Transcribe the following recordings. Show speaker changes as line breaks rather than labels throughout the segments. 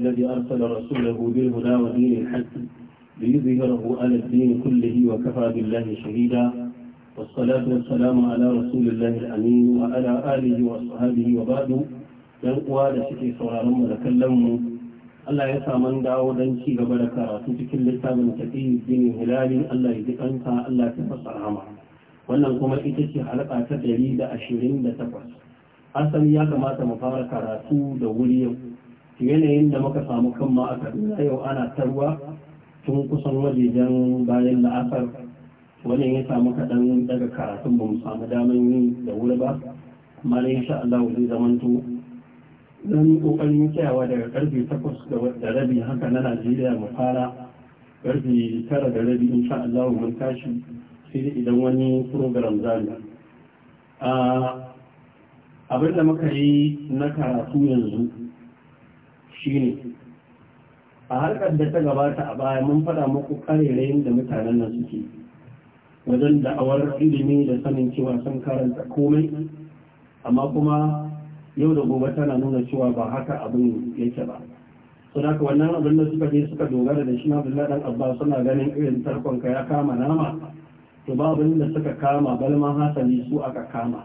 الذي أرسل رسوله بالهدى ودين الحق ليظهره على الدين كله وكفى بالله شهيدا والصلاة والسلام على رسول الله الأمين وعلى آله وأصحابه وبعد dan uwa da suke sauraron mu da kallon mu Allah ya sa man dawo dan ci gaba da karatu cikin littafin tafi bin hilali Allah ya dukanta Allah ya fasa rahama wannan kuma ita ce halaka ta 128 asali ya kamata mu fara karatu da wuri yau yanayin da muka samu kan ma aka yau ana ta ruwa tun kusan wajejen bayan la'asar wani ya samu kaɗan daga karatun ba mu samu damar yi da wuri ba amma na insha Allah zai zamanto zan yi ƙoƙarin kyawa daga ƙarfe takwas da rabi haka na Najeriya mu fara ƙarfe tara da rabi insha Allah mun tashi sai idan wani program zamu ah, abin da muka yi na karatu yanzu Shi ne. a harkar da ta gabata a baya mun fada muku karerayin da mutanen nan suke wajen da'awar ilimi da sanin cewa sun karanta komai amma kuma yau da gobe tana nuna cewa ba haka abin yake ba sau da wannan abin da suka je suka dogara da shi na abin dan abba suna ganin irin tarkon ya kama nama to ba abin da suka kama balma hasali su aka kama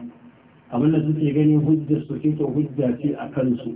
abin da suke ganin hujjar su to hujja ce a kansu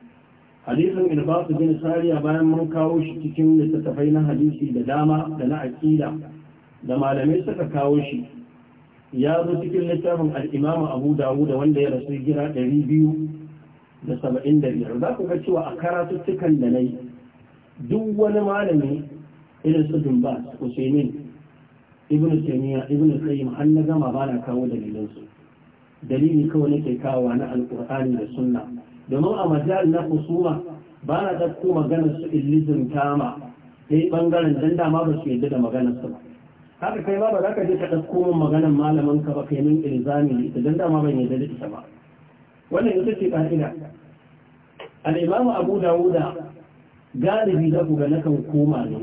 hadisin ilbasu bin sariya bayan mun kawo shi cikin littattafai na hadisi da dama da na aƙida da malamai suka kawo shi ya zo cikin littafin al'imamu abu dawuda wanda ya rasu gira ɗari biyu da saba'in da biyar za ku ga cewa a karatuttukan da na yi duk wani malami irin su dumbas usaimin ibn taimiyya ibn qayyim har na gama ba na kawo dalilansu dalili kawai nake kawo na alƙur'ani da sunna domin a majal na kusuma ba na ɗauko maganar su illizin kama sai ɓangaren dan dama ba su yadda da maganar su ba haka kai ma ba za ka je ka ɗauko min maganar malamin ka ba kai min ilzami ita dan dama ban yadda da ita ba wannan ita ce ƙa'ida al-imam abu dawuda galibi za ku ga nakan koma ne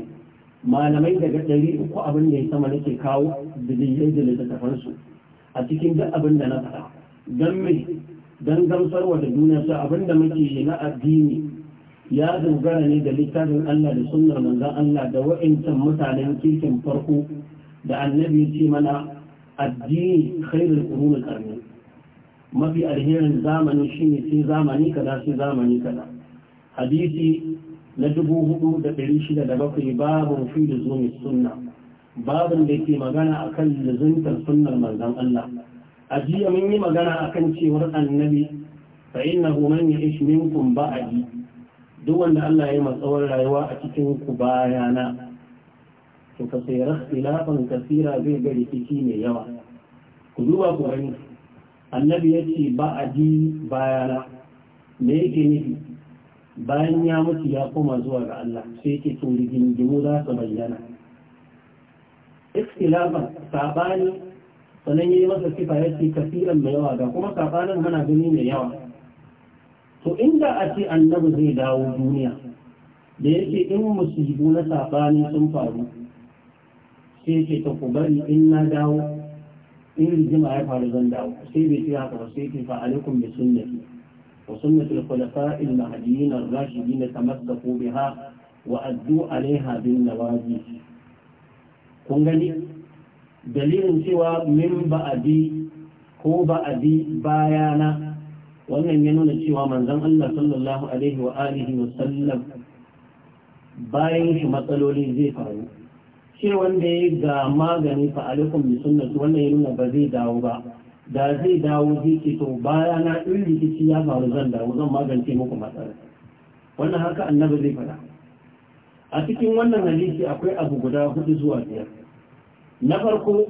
malamai daga ɗari uku abin da ya sama nake kawo da dalilai da littattafansu a cikin duk abin da na faɗa don me don wa da duniya su abinda muke yi na addini ya dogara ne da littafin Allah da sunnar manzon Allah da wa'incan mutanen kirkin farko da annabi ce mana addini khairul qurun karni, mafi alherin zamani shine sai zamani kaza sai zamani kaza hadisi na bakwai babu fi luzumi sunna babin da ke magana akan luzuntar sunnar manzon Allah a jiya mun yi magana akan cewar annabi fa innahu man ya'ish minkum ba'di duk wanda Allah ya matsawar rayuwa a cikin ku bayana to ka sai ikhtilafan kasira zai ga rikici mai yawa ku duba ku gani annabi ya ce ba'adi bayana me yake nufi bayan ya mutu ya koma zuwa ga Allah sai yake to rigingimu za su bayyana ikhtilafan sabani sannan yayi masa kifa sifa yace kafiran mai yawa ga kuma sabanin hana gani mai yawa to inda a ce annabi zai dawo duniya da yake in musibu na sabani sun faru sai yake ta ku bari in na dawo in rigima ya faru zan dawo sai bai ce haka ba sai ke fa alaikum bi sunnati wa sunnati al-khulafa'i al-mahdiyyin ar-rashidin tamassaku biha wa addu alaiha bin nawajib kun gani dalilin cewa min ba'adi ko ba'adi bayana wannan ya nuna cewa manzon Allah sallallahu alaihi wa alihi wa sallam bayan shi matsaloli zai faru shi wanda ya ga magani fa alaikum bi sunnati wannan ya nuna ba zai dawo ba da zai dawo zai ce to bayana in rikici ya faru zan dawo zan magance muku matsala wannan haka annabi zai faɗa a cikin wannan hadisi akwai abu guda hudu zuwa biyar na farko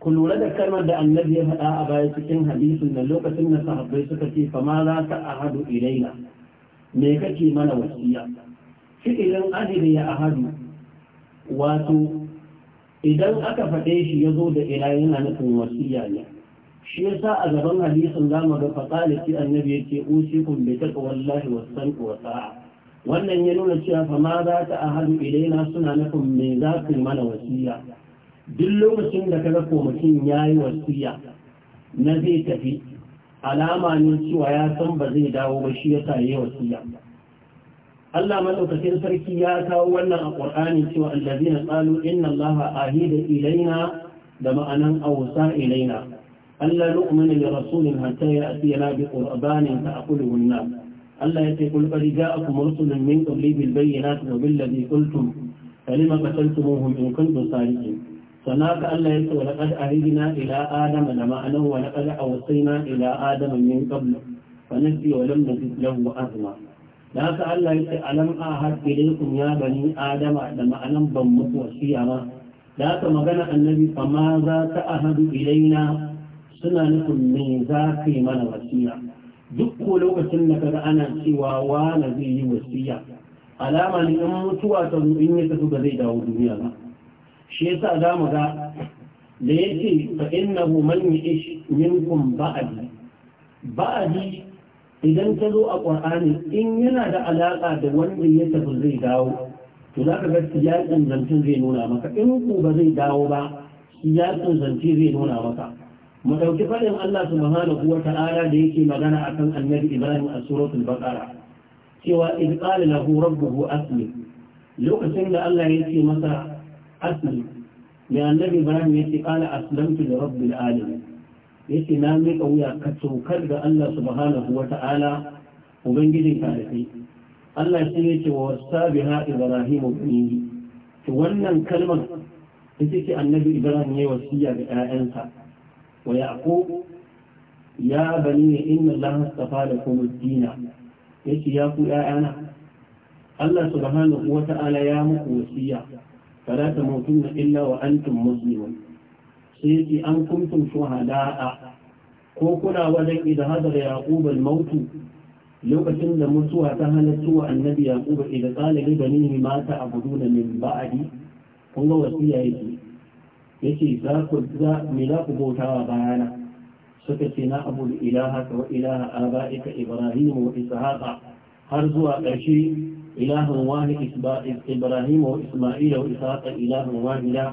ku lura da kalmar da annabi ya faɗa a baya cikin hadisin da lokacin da sahabbai suka ce fama za ta ahadu ilaina me kake mana wasiya fi'ilin ahidi ya ahadu wato idan aka faɗe shi ya zo da ila yana nufin wasiya ne shi yasa a gaban hadisin za mu ga da ce annabi ya ce usikum bi taɓa wallahi wasan wa sa'a wannan ya nuna cewa fa ma za ta ahadu ilaina suna nufin me za ku mana wasiya duk lokacin da kaga ga mutum ya yi wasiya na zai tafi alama ne cewa ya san ba zai dawo ba shi yasa yayi wasiya Allah madaukakin sarki ya kawo wannan a ƙurani cewa na qalu inna Allaha ahida ilaina da ma'anan awsa ilaina Allah nu'minu li rasulin hatta yana bi qurbanin a an-nar Allah ya ce kul a kuma rusulun min qabli bil bayyinati wa bil ladhi qultum فلما قتلتموهم إن كنتم صادقين sannan ka Allah ya ce wa laqad ahidna ila adama da ma'anahu wa laqad awsayna ila adama min qabl fa nasi wa lam nazid lahu azma da haka Allah ya ce alam ahad ilaykum ya bani adama da ma'anan ban muku wasiya ma da haka magana annabi fa ma za ta suna nufin me za ka yi mana wasiya duk lokacin da kaga ana cewa wa na zai yi wasiya alama ne in mutuwa ta in ya tafi ba zai dawo duniya ba shi yasa za mu ga da ce fa innahu man yish minkum ba'adi? Ba'adi? idan ta zo a ƙwar'ani in yana da alaƙa da wanda ya tafi zai dawo to za ka ga siyaƙin zancen zai nuna maka in ku ba zai dawo ba siyaƙin zance zai nuna maka mu ɗauki faɗin Allah subhanahu wa ta'ala da yake magana akan annabi Ibrahim a suratul baqara cewa id qala lahu rabbuhu aslim lokacin da Allah yace masa asali mai annabi ibrahim ya ce kala aslamtu da rabbil alamin ya ce na miƙa wuya ka tokar da allah subhanahu wa ta'ala ubangijin kalafi allah shi ya ce wa wasa biha ibrahim ubangiji to wannan kalmar ita ce annabi ibrahim ya wasiya ga 'ya'yansa wa yaqub ya in inna allaha astafa lakum ad-din yace ya ku 'ya'yana Allah subhanahu wata'ala ya muku wasiya فلا تموتن إلا وأنتم مسلمون سيتي أن كنتم شهداء كوكنا ولن إذا هدر يعقوب الموت lokacin da mutuwa ta wa annabi yaquba idan qala li banihi ma ta'buduna min ba'di kun ga wasiya yake yace za ku za me za ku bautawa bayana suka ce na abu ilaha wa ilaha abaika ibrahim wa har zuwa ƙarshe إله واحد إبراهيم وإسماعيل وإسحاق إله واحدا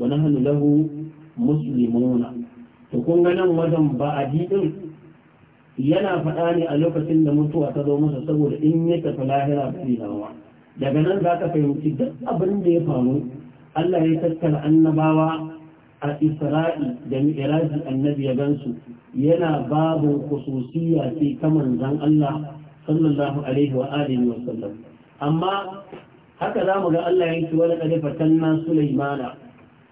ونحن له مسلمون تكون لنا وجم بعدين yana faɗa ne a lokacin da mutuwa ta zo masa saboda in ya tafi lahira bai damuwa daga nan za ka fahimci duk abin da ya faru Allah ya tattara annabawa a isra'i da mi'raji annabi ya gansu yana babu khususiyya ce ta manzon Allah sallallahu alaihi wa alihi wa sallam amma haka za mu ga Allah ya ci wani ƙarfi fatanna Sulaimana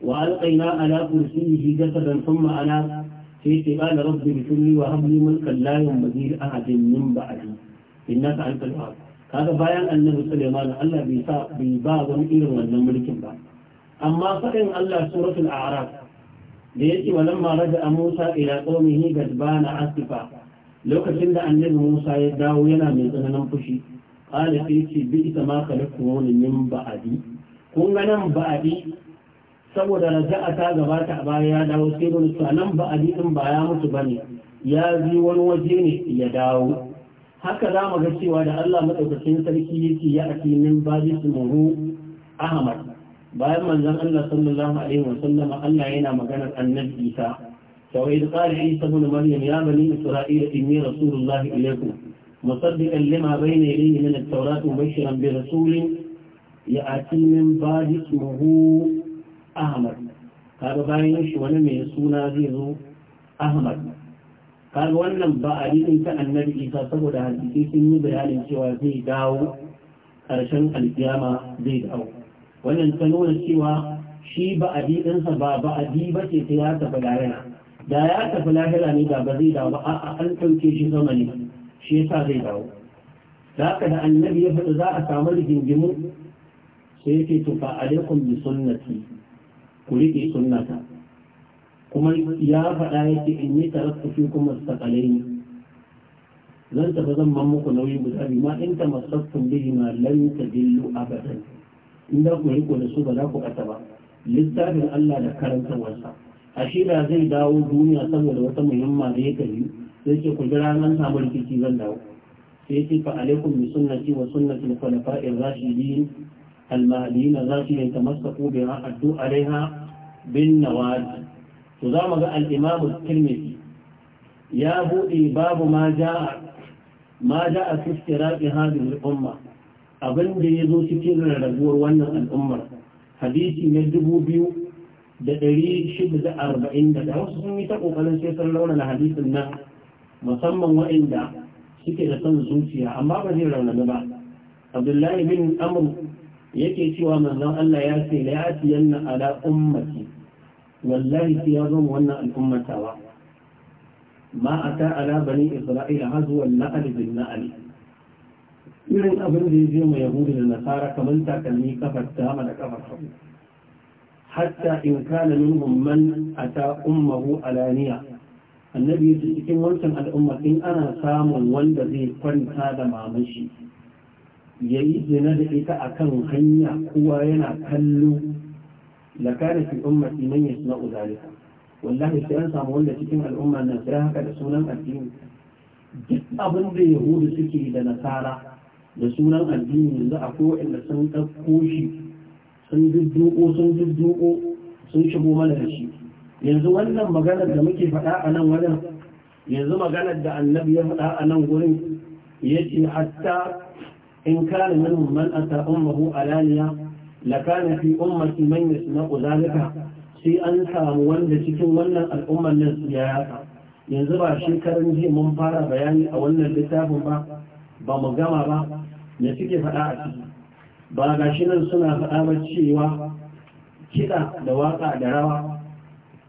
wa alƙaina ala kursiyihi don thumma ma'ana sai ce qala rabbi yi wa hab li mulkan la yunbaghi ahadin min ba'di ta antal wahhab kaga bayan annabi Sulaiman Allah bai sa bai ba wani irin wannan mulkin ba amma faɗin Allah suratul a'raf da yake walamma a Musa ila qaumihi gadbana asifa lokacin da annabi Musa ya dawo yana mai tsananin fushi قال سيتي بئس ما خلقتمون من بعدي kun ga nan ba'adi saboda raja'a ta gabata a baya ya dawo sai wani su nan ba'adi din ba ya mutu bane ya ji wani waje ne ya dawo haka za mu ga cewa da Allah maɗaukacin sarki yake ya a filin babi sumuhu ahmad bayan manzon Allah sallallahu alaihi wa sallama Allah yana maganar annabi Isa sau da qala Isa ibn Maryam ya bani Isra'ila inni rasulullahi ilaykum مصدقا لما بين يديه من التوراة مبشرا برسول يأتي من بعد اسمه أحمد قال باين شي wani mai suna zai zo Ahmad kaga wannan ba a din ta annabi Isa saboda hadisi sun yi bayanin cewa zai dawo karshen alkiyama zai dawo wannan ta nuna cewa shi ba ba ba a ba ce ta ya tafi da ya tafi lahira ne da ba zai dawo a'a an shi sama ne shi yasa zai dawo da haka da annabi ya faɗi za a samu rigingimu sai yake to fa alaikum bi sunnati ku rike sunnata kuma ya faɗa yake in yi tarakku fi kuma sakalai zan tafi zan man muku nauyi guda biyu ma in ta tamassaktum bihi ma lan tadillu abadan in da ku riko da su ba za ku kasa ba littafin Allah da karantarwarsa a shi da zai dawo duniya saboda wata muhimma da ya yi sai ke ku jira nan samu rikici zan dawo sai ce fa alaikum bi sunnati wa sunnati al-khulafa'i ar-rashidin al-mahdiyyin ar-rashidin tamassaku bi ra'addu alaiha bin nawaj to za mu ga al-imam al tirmidhi ya bude babu ma ja'a ma ja'a fi istiraqi hadhihi al-umma abin da yazo cikin rarrabuwar wannan al'ummar hadisi na dubu biyu da ɗari shida da arba'in da wasu sun yi ta ƙoƙarin sai sun launa na hadisin nan musamman waɗanda suke da son zuciya amma ba zai raunana ba abdullahi bin amr yake cewa manzon Allah ya ce la yatiyanna ala ummati wallahi sai ya zama wannan al'ummatawa ma ata ala bani isra'ila hazwan na'al bin na'al irin abin da ya je mai yahudu da nasara kamar takalmi kafar dama da kafar hagu hatta in kana minhum man ata ummuhu alaniya annabi ya cikin wancan al'umma in ana samun wanda zai kwanta da mamashi ya yi zina da ita a kan hanya kowa yana kallo la kana fi ummati man yasma'u zalika wallahi sai an samu wanda cikin al'umma nan sai haka da sunan addini duk abin da yahudu suke da nasara da sunan addini yanzu a waɗanda sun ɗauko shi sun dudduko sun dudduko sun shigo mana da shi yanzu wannan maganar da muke faɗa a nan wajen yanzu maganar da annabi ya faɗa a nan gurin ya ce hatta in kana min man ata ummuhu alaniya la kana fi ummati man yasma'u zalika sai an samu wanda cikin wannan al'ummar nan ya yaka yanzu ba shekaran jiya mun fara bayani a wannan littafin ba ba mu gama ba ne suke faɗa a ciki ba gashi nan suna faɗa ba cewa kiɗa da waƙa da rawa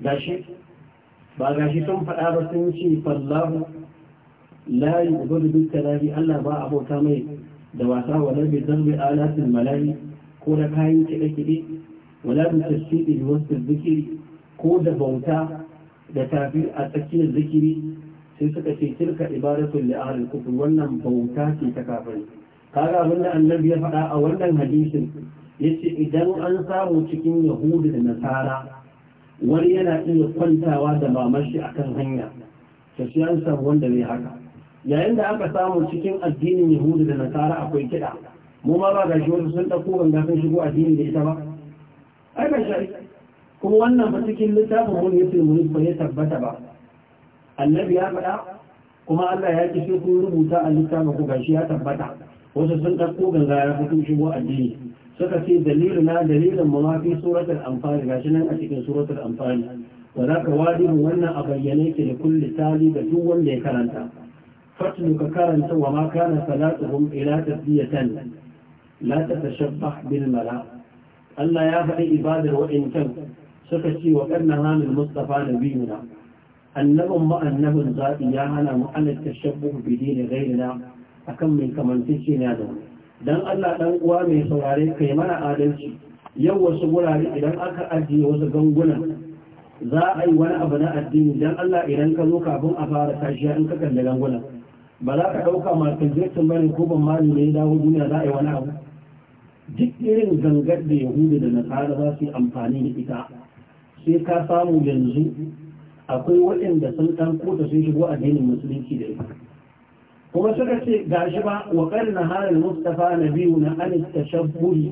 gashi ba gashi sun faɗa ba sun ce fallahu la yu'budu bil kalabi Allah ba abota mai da wasa wala bi zarbi alatil malai ko da kayan kiɗe kiɗe wala bi tasdidi wasu zikiri ko da bauta da tafi a tsakiyar zikiri sai suka ce tilka ibadatul li ahli kufur wannan bauta ce ta kafiri kaga abinda annabi ya faɗa a wannan hadisin yace idan an samu cikin yahudu da nasara wani yana iya kwantawa da mamashi akan hanya ta shi an samu wanda ne haka yayin da aka samu cikin addinin yahudu da nasara akwai kiɗa mu ma ba gashi wasu sun ɗauko ganga sun shigo addini da ita ba ai ba shi kuma wannan ba cikin littafin mun yace mun ba ya tabbata ba annabi ya faɗa kuma Allah ya ce kun rubuta a littafin ku gashi ya tabbata wasu sun ɗauko ganga ya fito shigo addini suka ce dalilina dalilin mu ma suratul amfani gashi nan a cikin suratul amfani wa za ka wajibin wannan a bayyane ki da kulli tali da duk wanda ya karanta fatlu ka karanta wa ma kana salatuhum ila tasbiyatan la tatashabbah bil mala Allah ya faɗi ibadar wa'intan suka ce wa kanna hamil mustafa nabiyuna annabin ma annabin zaɓi ya hana mu ana tashabbuh bi dini ghairina akan mai kamantacce na da wani dan Allah dan uwa mai saurare kai mana adalci yau wasu wurare idan aka ajiye wasu gangunan za a yi wani abu na addini dan Allah idan ka zo kafin a fara tashiya in ka kalli gangunan ba za ka ɗauka masu jirgin bane ko ban mali ne ya dawo duniya za a yi wani abu duk irin gangar da Yahudu da Nasara za su yi amfani da ita sai ka samu yanzu akwai waɗanda sun ɗan kota sun shigo addinin musulunci da ita kuma suka ce ga shi ba wa karna halin mustafa na biyu na an tashabburi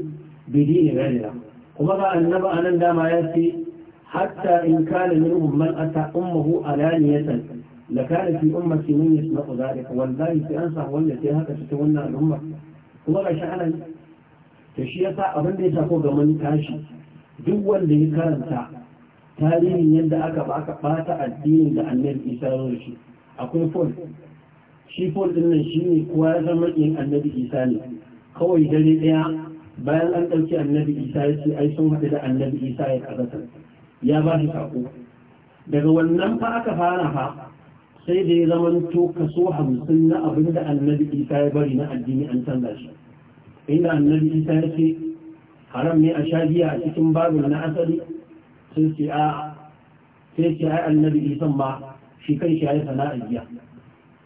bidini ghayrila kuma ga a nan dama ya ce hatta in kana minhum man ata ummuhu alaniyatan la kana fi ummati min yasma'u dhalika wallahi sai an samu wanda sai haka cikin wannan al'umma kuma ga shi anan to shi yasa abin da ya sako ga mun tashi duk wanda ya karanta tarihin yadda aka ba aka bata addinin da annabi Isa ya shi akwai fon shi ɗinnan nan shi ne kuwa ya zama yin annabi isa ne kawai dare ɗaya bayan an ɗauki annabi isa ya ce ai sun haɗu da annabi isa ya ƙazata ya ba shi saƙo daga wannan fa aka fara fa sai da ya zama to kaso hamsin na abin da annabi isa ya bari na addini an canza shi inda annabi isa ya ce haram ne a sha giya a cikin babin na asali sun ce a sai ce ai annabi ma shi kai shi ya yi sana'a giya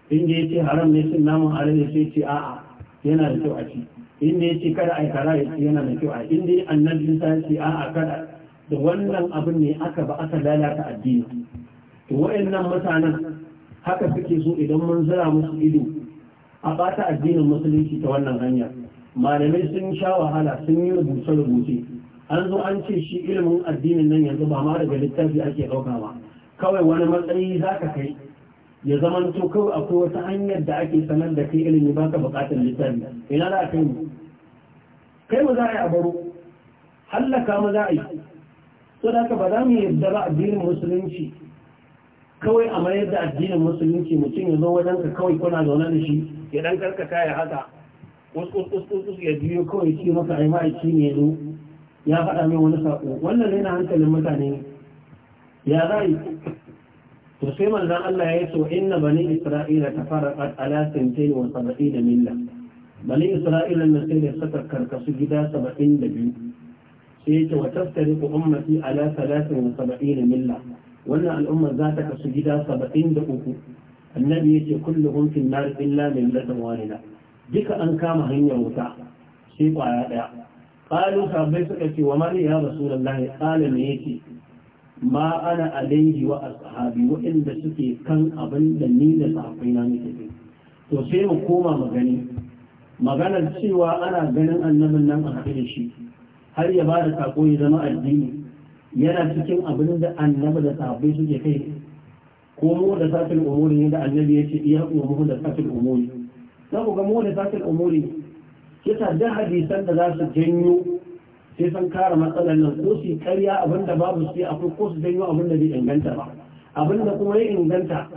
inda ya ce haram ne sun naman alade sai ce a'a yana da kyau a ci inda ya ce kada a kara ya ci yana da kyau a inda annabi Isa ya ce a'a kada da wannan abin ne aka ba aka lalata addini to wayannan mutanen haka suke so idan mun zira musu ido a bata addinin musulunci ta wannan hanya malamai sun sha wahala sun yi rubuce rubuce an zo an ce shi ilimin addinin nan yanzu ba ma daga littafi ake ɗauka ba kawai wani matsayi za ka kai ya zama to kawai akwai wata hanyar da ake sanar da kai ilimi ba ka bukatar littafi ina za a kai mu kai mu za a yi a baro hallaka mu za a yi so da haka ba za mu yarda ba addinin musulunci kawai a mayar da addinin musulunci mutum ya zo wajen ka kawai kuna zaune da shi ya dan karkata ya haka wasu ya biyo kawai ce maka ai ma'aiki ne ya zo ya faɗa min wani saƙo wannan ne na hankalin mutane ya za yi to sai manzon Allah ya yi ce inna bani isra'ila ta tafarraqat ala da milla bani isra'ila na sai da suka karkasu gida saba'in da biyu. sai ya wa wa ku ummati ala wa da milla wannan al'umma za ta kasu gida saba'in da uku. annabi ya yace kulluhum fi nar illa millatan wahida duka an kama hanyar wuta sai kwaya daya qalu sahabbai suka ce wa mali ya rasulullahi qala me yake ma ana alaihi wa ashabi waɗanda suke kan abin da ni da sahabbai na muke kai to sai mu koma magani maganar cewa ana ganin annabin nan a haɗe da shi har ya ba da sako ya zama addini yana cikin abin da annabi da sahabbai suke kai ko mu da sakin umuri ne da annabi ya ce iya umuhu da sakin umuri za ku ga mu da sakin umuri yasa da hadisan da za su janyo sai san kare matsalar nan ko su karya abin da babu su akwai ko su janyo abin da bai inganta ba abin da kuma ya inganta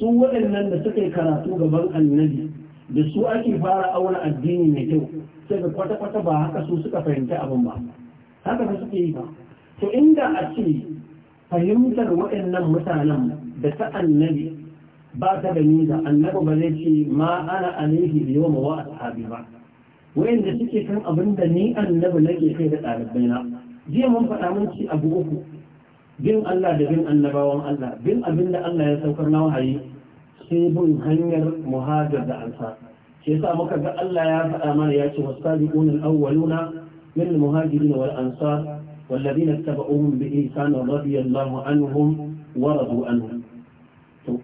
su waɗannan da suka yi karatu gaban annabi da su ake fara auna addini mai kyau sai da kwata-kwata ba haka su suka fahimta abin ba haka ba suke yi ba to inda a ce fahimtar waɗannan mutanen da ta annabi ba ta da nisa annabi ba zai ce ma ana alaihi da ma wa ashabi ba wayanda suke kan abin da ni annabi nake kai da ɗalibaina jiya mun faɗa mun ci abu uku bin Allah da bin annabawan Allah bin abin da Allah ya saukar na wahayi sai bin hanyar muhajar da ansa shi yasa muka ga Allah ya faɗa mana ya ce wasabiquna al-awwaluna min al-muhajirin wal ansar والذين اتبعوهم بإحسان رضي الله عنهم ورضوا عنهم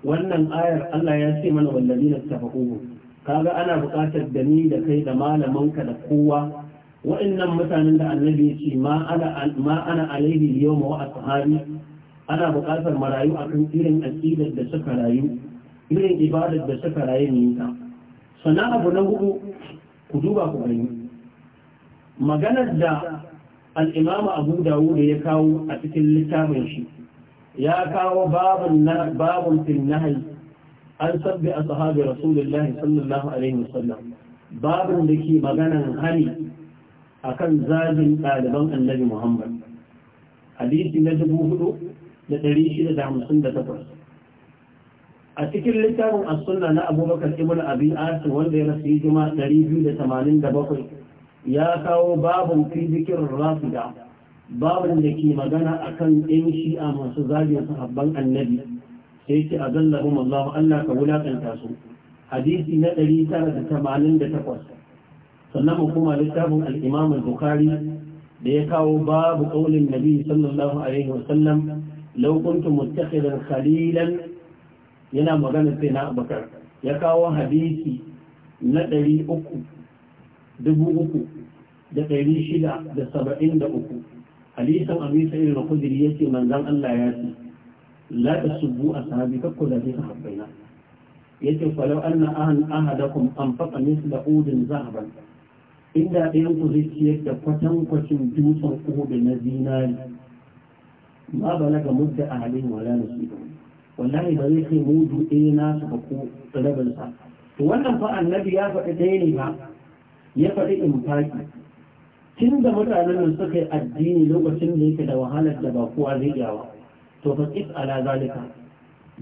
wannan ayar Allah ya ce mana wallazina tabauhu kaga ana buƙatar da ni da kai da malamanka da kowa wa'annan mutanen da annabi ce ma ana alaihi yau ma ashabi ana buƙatar marayu akan irin aƙidar da suka rayu irin ibadar da suka rayu ne ta sana abu na hudu ku duba ku gani maganar da al-imamu abu dawud ya kawo a cikin littafin shi ya kawo babun fil nahyi an sabbi ashabi rasulullahi sallallahu alaihi wasallam babin da ke maganan hani akan zagin ɗaliban annabi Muhammad hadisi na dubu hudu da ɗari shida da hamsin da takwas a cikin littafin as-sunna na abubakar ibn abi asim wanda ya rasu juma ɗari biyu da tamanin da bakwai ya kawo babin fi zikirin rafida babin da ke magana akan ɗan shi'a masu zagin sahabban annabi sai a yake azallahum Allah Allah ka wulakanta su hadisi na ɗari tara da da tamanin takwas, sannan mu kuma littafin al-Imam bukhari da ya kawo babu ƙaunin Nabi sallallahu alaihi wasallam law kuntum muttakhidan khalilan yana magana sai na Abubakar ya kawo hadisi na ɗari uku, dubu uku da ɗari shida da saba'in da uku hadisan abu sa'ir Kudiri khudri yace manzon Allah ya ce la a ashabi kakku da zai sahabbaina yace falau anna ahan ahadakum anfaqa misla udin zahaban inda ɗayan ku zai ciyar da kwatan kwacin dutsen uhudu na zinari ma balaga mudda ahalin wala nasiba wallahi ba zai kai mudu ɗaya nasu ba ko rabin wannan fa annabi ya faɗi ɗaya ne ba ya faɗi in faɗi tun da mutanen nan suka yi addini lokacin da yake da wahalar da ba kowa zai yawa to fa qis ala zalika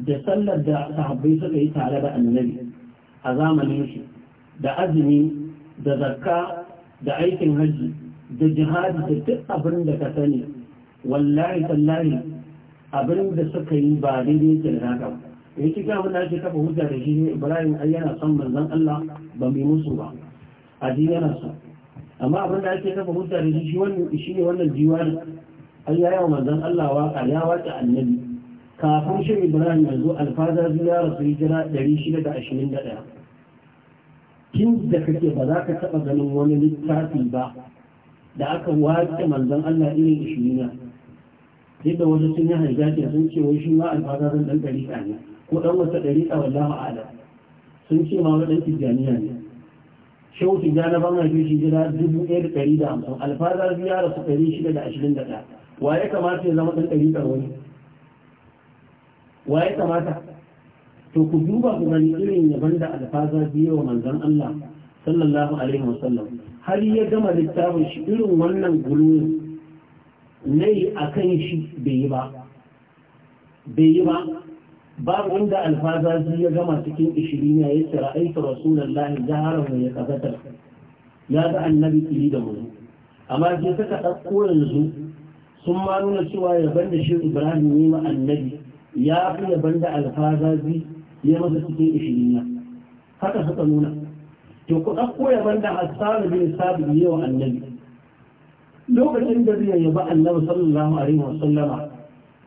da sallar da sahabbai suka yi tare da annabi a zamanin shi da azumi da zakka da aikin hajji da jihadi da duk abin da ka sani wallahi tallahi abin da suka yi ba daidai ke da haka ya ci gamu na ce kafa hujja da shi ne ibrahim ai yana son manzon allah ba mai musu ba addini yana son amma abin da ake kafa hujja da shi shi ne wannan jiwa an yaya wa manzon Allah waƙa ya waƙa annabi kafin shi Ibrahim yanzu alfazar ya rasu hijira 621 tun da kake ba za ka taɓa ganin wani littafi ba da aka wace manzan Allah irin ishirina yadda wasu sun yi hajjace sun ce wai shi ma alfazazin ɗan ɗariƙa ne ko ɗan wata ɗariƙa wallahu a'ala sun ce ma ɗan tijjaniya ne shehu tijjana ban haife shi jira dubu ɗaya da ɗari da hamsin alfazazin ya su ɗari shida da ashirin da ɗaya wa ya kamata ya zama ɗan ɗariƙar wani wa ya kamata to ku duba ku gani irin yaban da alfaza biyo manzon Allah sallallahu alaihi wasallam har ya gama littafin shi irin wannan gulu ne kan shi bai yi ba bai yi ba babu wanda alfaza ya gama cikin ishirin ya yi ra'aitu rasulullahi zahara ya kafatar ya ga annabi kiri da mu amma sai ka ɗauko yanzu sun ma nuna cewa yaban da shi ibrahim yi ma annabi ya fi yaban da alfazazi ya masa cikin ishirina haka suka nuna to ku ɗauko yaban da hassan bin sabi yi wa annabi lokacin da zai yaba annabi sallallahu alaihi wasallama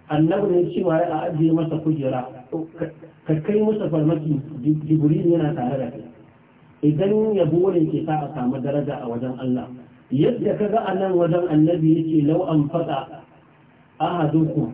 annabi ne cewa ya ajiye masa kujera ka kai masa farmaki jibril yana tare da kai idan yabo ne ke sa a samu daraja a wajen allah yadda ka ga anan wajen annabi yake lau an faɗa ahadukum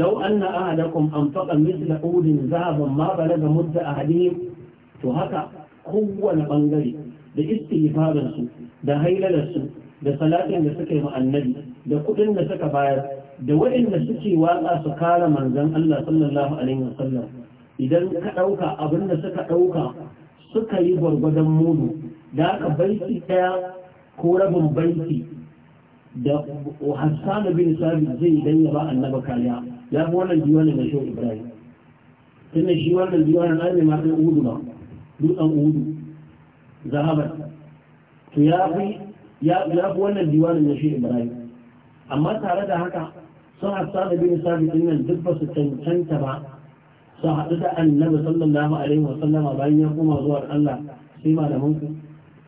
lau anna ahadakum an faɗa misla udin zahaban ma balaga mudda ahadihim to haka kowane bangare da istighfarin su da hailalar su da salatin da suka yi ma annabi da kuɗin da suka bayar da waɗanda suke watsa su kare manzon Allah sallallahu alaihi wasallam idan ka ɗauka abin da suka ɗauka suka yi gwargwadon mudu da aka baiti ɗaya ko rabin banki da hassanu bin sabit zai dan ya ba annaba kariya ya fi wannan diwanin da shi ibrahim tunda shi wannan diwanin ai mai matan udu ba dutsen udu zahabar to ya fi ya fi wannan diwanin da shi ibrahim amma tare da haka sun hassanu bin sabit din nan duk ba su cancanta ba su haɗu da annabi sallallahu alaihi wasallama bayan ya koma zuwa Allah sai malamanku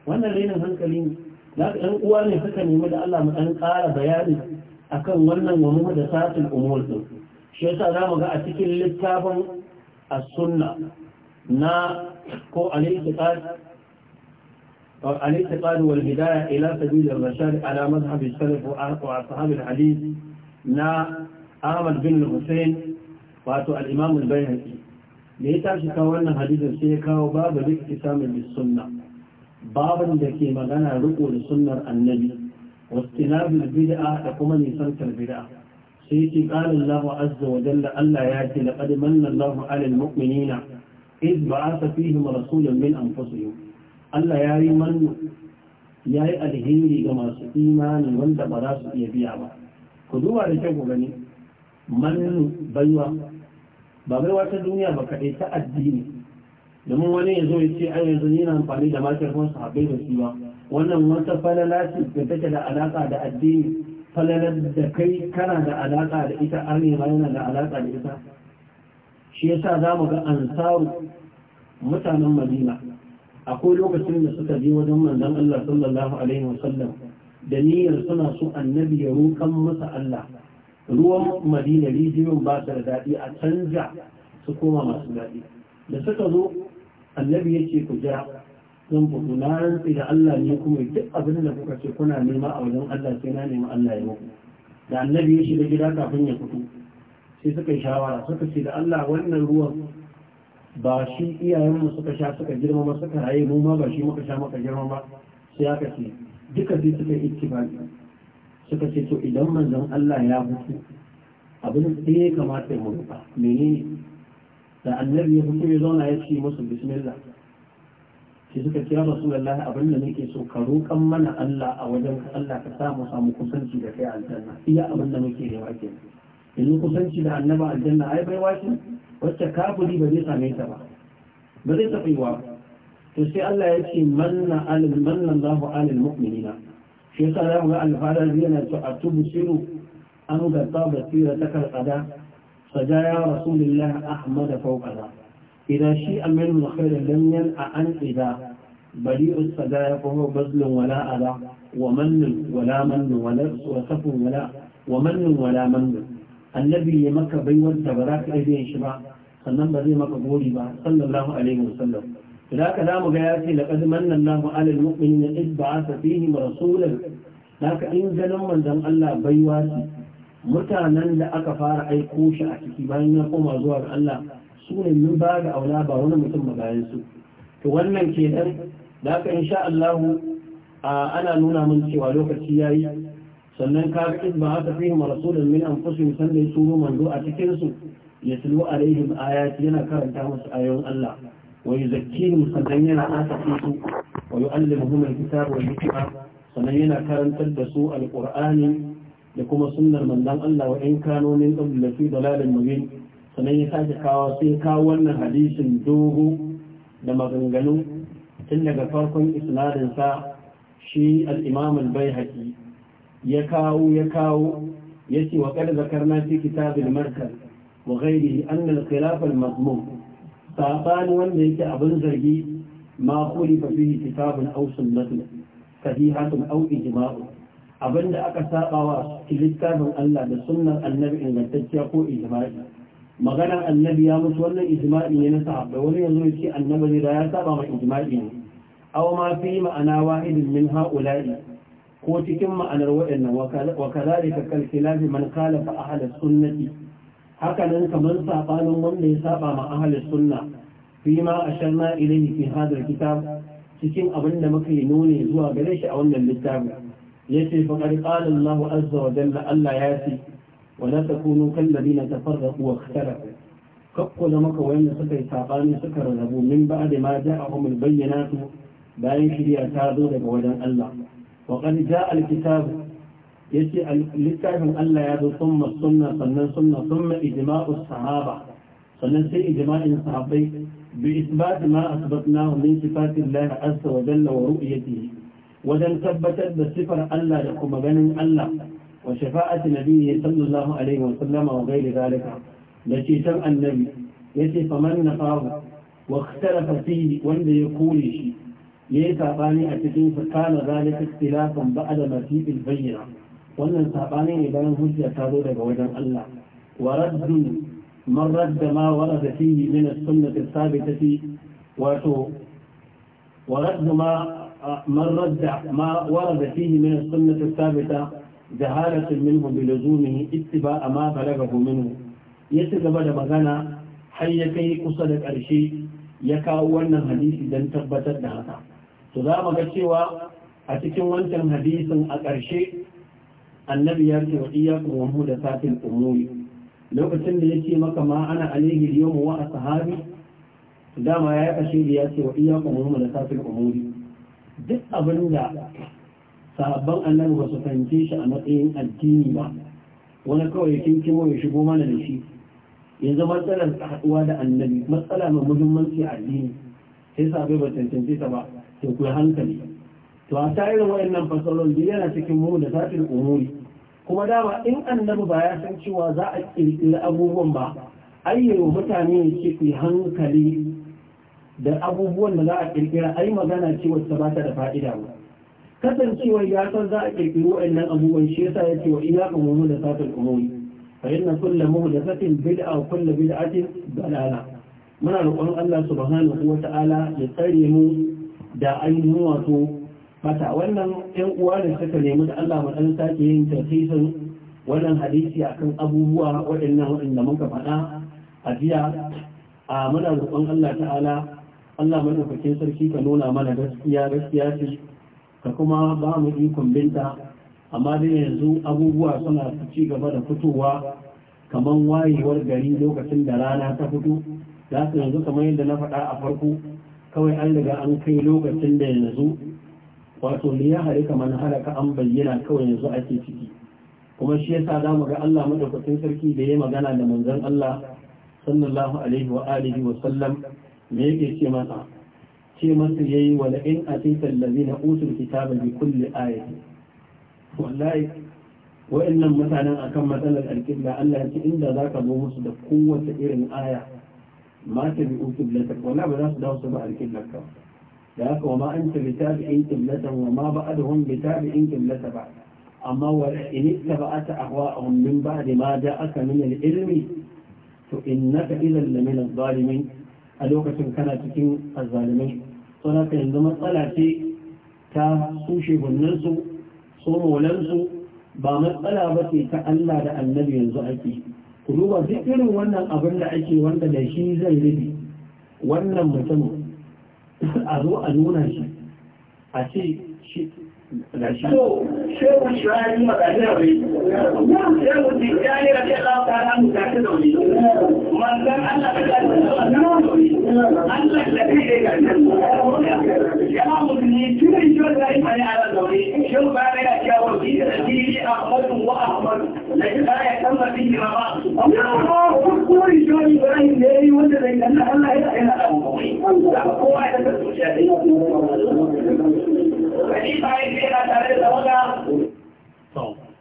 wannan rainin hankali ne na ɗan uwa ne suka nemi da Allah mu ɗan ƙara bayani akan wannan wa mu da satin umur din shi yasa za mu ga a cikin littafin as-sunna na ko al-i'tiqad أو الاعتقاد والهداية إلى سبيل الرشاد على مذهب السلف وأصحاب الحديث نا أحمد بن الحسين وأتو الإمام البيهقي ليتاش كوانا حديث سيكا وباب babin da ke magana riko da sunnar annabi wastinabul bid'a da kuma nisantar bid'a sai ki qala Allah azza wa jalla Allah ya ce laqad manna Allahu 'alal mu'minina id ba'atha fihim rasulan min anfusihim Allah ya yi mannu ya yi alheri ga masu imani wanda ba za su iya biya ba ku duba da kyau gani mannu baiwa ba baiwa ta duniya ba kaɗai ta addini domin wani ya zo ya ce a yanzu yana amfani da makirfin sahabbai da su ba wannan wata falala ce da take da alaka da addini falalar da kai kana da alaka da ita An yana da alaka da ita shi yasa za mu ga ansaru mutanen madina akwai lokacin da suka je wajen manzon Allah sallallahu alaihi wasallam da niyyar suna so annabi ya roƙan masa Allah ruwan madina rijiyon ba su da daɗi a canja su koma masu daɗi da suka zo annabi yace ku jira zan fito na rantsi da Allah ne kuma duk abin da kuka ce kuna nema a wajen Allah sai na nema Allah ya muku da annabi ya shiga gida kafin ya fito sai suka yi shawara suka ce da Allah wannan ruwan ba shi iyayenmu suka sha suka girma ba suka raye mu ma ba shi muka sha muka girma ba sai aka ce duka sai suka yi ittifaqi suka ce to idan manzon Allah ya mutu abin da ya kamata ya rufa menene da annabi ya fito ya zauna ya ce musu bismillah sai suka kira rasulullahi abin da nake so ka roƙan mana Allah a wajen ka Allah ka samu samu kusanci da kai aljanna iya abin da muke nema ke yanzu kusanci da annaba aljanna ai bai wace wacce kafiri ba zai same ta ba ba zai tafi wa to sai Allah ya ce manna alil manna Allahu alil mu'minina shi yasa za mu ga alfara yana to atubu siru an ga ta basira ta karkada فجاء رسول الله أحمد فوقها إذا شيء منه خير لم ينأ أن إذا بريء السجايا فهو بذل ولا أذى ومن ولا من ولا وسف ولا ومن ولا من النبي يمك بيور تبرات أيدين شبا sannan ba zai maka gori ba sallallahu alaihi wasallam da ka za mu ga ya ce laqad manna Allahu ala al-mu'minina idh ba'atha fihim rasulan da ganin Allah baiwa shi mutanen da aka fara aiko shi a ciki bayan ya koma zuwa ga Allah su ne min ba aula ba wani mutum ba bayan su to wannan ke dan da aka insha Allah ana nuna mun cewa lokaci yayi sannan ka ga rasu da aka an rasulun min anfusihim sanda ya turo manzo a cikin su ya tulu alaihim ayati yana karanta musu ayoyin Allah wa yuzakkihim sannan yana asafi su wa yu'allimuhum alkitaba wal hikma sannan yana karantar da su alqur'ani da kuma sunnar manzon Allah wa in kano min da la fi dalalin mubin sannan ya sake kawo sai kawo wannan hadisin dogo da maganganu tun daga farkon isnadin sa shi al-Imam al ya kawo ya kawo yace wa zakar na fi kitabin al-markaz wa ghayrihi an al-khilaf al-mazmum wanda yake abin zargi ma khulifa kitabin kitabun aw sunnatun sahihatun aw ijma'un abinda aka saba wa littafin Allah da sunnar annabi ingantacciya ko ijma'i maganar annabi ya mutu wannan ijma'i ne na sahabbai wani yanzu ya ce annabi ne da ya saba ma ijma'i ne aw ma fi ma'ana wahidin min ha'ula'i ko cikin ma'anar waɗannan wa kadhalika kal khilafi man khalafa ahli sunnati haka nan kamar sabanin wanda ya saba ma ahli sunna fi ma asharna ilayhi fi hadha kitab cikin abinda muka yi nuni zuwa gare shi a wannan littafin يتي فقد قال الله عز وجل ألا ياتي ولا تكونوا كالذين تفرقوا واختلفوا كقل مك وين سكي ساقاني سكر له من بعد ما جاءهم البينات باين شريعة تابو لك ودن الله وقد جاء الكتاب يتي لكتاب الله يادو ثم السنة ثم السنه ثم إجماع الصحابة ثم سي إجماع الصحابي بإثبات ما أثبتناه من صفات الله عز وجل ورؤيته wajen tabbatar da sifar Allah da kuma ganin Allah wa shafa'ati nabiyyi sallallahu alaihi wa sallama wa ghairi zalika da cikin annabi yace faman nafahu wa ikhtalafa fihi wanda ya kore shi yayi sabani a cikin sa kana zalika ikhtilafan ba'da ma fi bayyana wannan sabani ne ganin hujja ta zo daga wajen Allah wa raddun man radda ma warada fihi min as-sunnah as-sabitah wato wa raddu ma من رد ما ورد فيه من السنة الثابتة جهالة منه بلزومه اتباع ما بلغه منه يتقبل بغنا حيكي قصد الشيء يكاو أن الحديث دن تبتت لها تدام قشوى أتكن وانتم حديث أكرشي النبي يرجع وإياكم ومهدثات الأمور لو كنت يتي ما أنا عليه اليوم وأصحابي دام يا أشير يأتي وإياكم ومهدثات الأمور duk abin da sahabban annabi ba su fahimce shi a matsayin addini ba wani kawai kimo ya shigo mana da shi yanzu matsalar haɗuwa da annabi matsala mai muhimmanci addini sai sa bai tantance ta ba Ta kuwa hankali to a wayan wayannan fasalon da yana cikin mu da satin umuri kuma dama in annabi ba ya san cewa za a ƙirƙiri abubuwan ba ayyewa mutane ne ke hankali da abubuwan da za a kirkira ai magana ce wacce ba ta da fa'ida ba kasancewar ya san za a kirkiro wa'annan abubuwan shi yasa ya ce wa ina umumu da satul umumi fa inna kullu muhdathatin bid'a wa kullu bid'atin dalala muna roƙon Allah subhanahu wa ta'ala ya tsare mu da ainihin wato mata wannan yan uwa da suka nemi da Allah mu dan sake yin tafsirin wannan hadisi akan abubuwa waɗannan waɗanda muka faɗa a jiya a muna roƙon Allah ta'ala Allah madaukakin sarki ka nuna mana gaskiya gaskiya ce ka kuma ba mu ikon binta amma dai yanzu abubuwa suna ci gaba da fitowa kamar wayewar gari lokacin da rana ta fito za su yanzu kamar yadda na faɗa a farko kawai an daga an kai lokacin da yanzu wato ne ya harika man haraka an bayyana kawai yanzu ake ciki kuma shi yasa za mu ga Allah madaukakin sarki da ya magana da manzon Allah sallallahu alaihi wa alihi wa sallam me yake ce masa ce masa yayi wa la in atita allazina utul kitaba bi kulli ayati wallahi wa'annan mutanen akan matsalar alƙibla Allah ya ce inda zaka zo musu da kowace irin aya ma ta bi ukiblatan wala ba za su dawo su ba alƙiblar ka da haka wa ma an ta bi tabi'in qiblatan wa ma ba'adhum bi tabi'in qiblata ba amma wa in ittaba'ata ahwa'ahum min ba'di ma ja'aka min al-ilmi to innaka idhan la min adh-dhalimin a lokacin kana cikin azzalumai sau haka yanzu matsala ce ta su gunnansu su molansu ba matsala ba ce ta Allah da annabi yanzu ake ku duba duk irin wannan abin da ake wanda da shi zai rubi wannan mutum a zo a nuna shi a ce شيخ الشعري متجرد شيخ التجاني رضي الله تعالى عنه تعتذرني من كان أنك تعتذرني أنك لديك يا مسلمين شو يشوف دائما على دوري شو بعد يا شاور دي أحمد وأحمد لكن لا يتم فيه رماء يا الله كل شيء إبراهيم لي وانت لأن الله إلى إلى أبوي هو هذا الشيء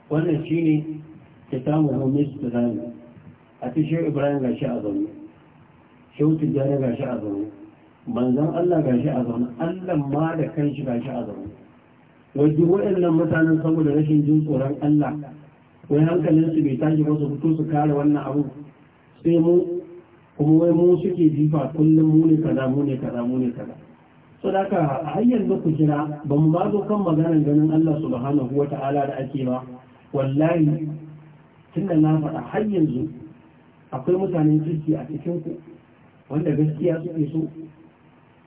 wannan shi ne ta samu homis ibrahim a shi ibrahim ga shi a zaune shautun jana ga shi a zaune banzan allah ga shi a zaune allah ma da kan shi ga shi a zaune wajen waɗannan mutanen saboda rashin jin tsoron allah wai hankalinsu bai tashi ba su fito su kare wannan abu sai mu kuma wai mu suke jifa kullum mu ne kaza mu ne kaza mu ne kaza so da har yanzu ku jira ba mu ba zo kan maganar ganin Allah subhanahu wa ta'ala da ake ba wallahi tunda na faɗa har yanzu akwai mutane kirki a cikin ku wanda gaskiya suke so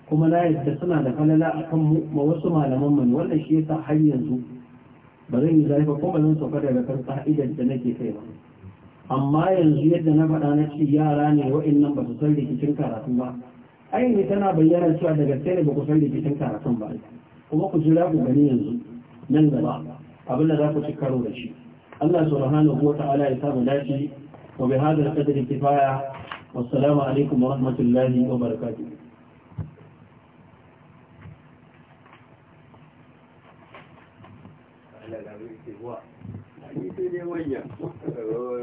kuma na yadda suna da falala a kan ma wasu malaman mani wannan shi yasa har yanzu ba zan yi zafi kuma zan sauka daga kan ka'idar da nake kai ba amma yanzu yadda na faɗa na ce yara ne nan ba su san rikicin karatu ba ainihi tana bayyana cewa daga gaske ne ba ku san rikicin karatun ba kuma ku jira ku gani yanzu nan gaba abin da za ku ci karo da shi Allah subhanahu wa ta'ala ya samu dace wa bi hadha al kifaya wassalamu alaikum wa rahmatullahi wa barakatuh yi wani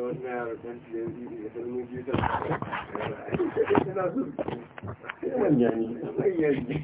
wannan yaro kan ce da mun ji ta manya ne